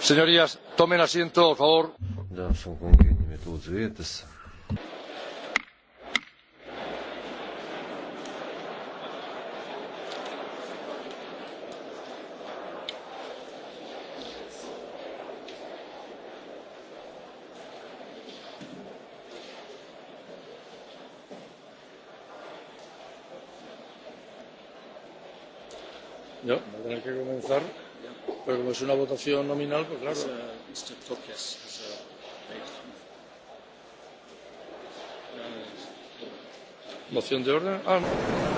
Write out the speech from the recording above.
Señorías, tomen asiento, por favor. Dāmas un kungi, ņemiet lūdzu vietas. No, tendrá que comenzar. Pero como es una votación nominal, pues claro. Mr. Tokes has a... Moción de orden. Ah, no.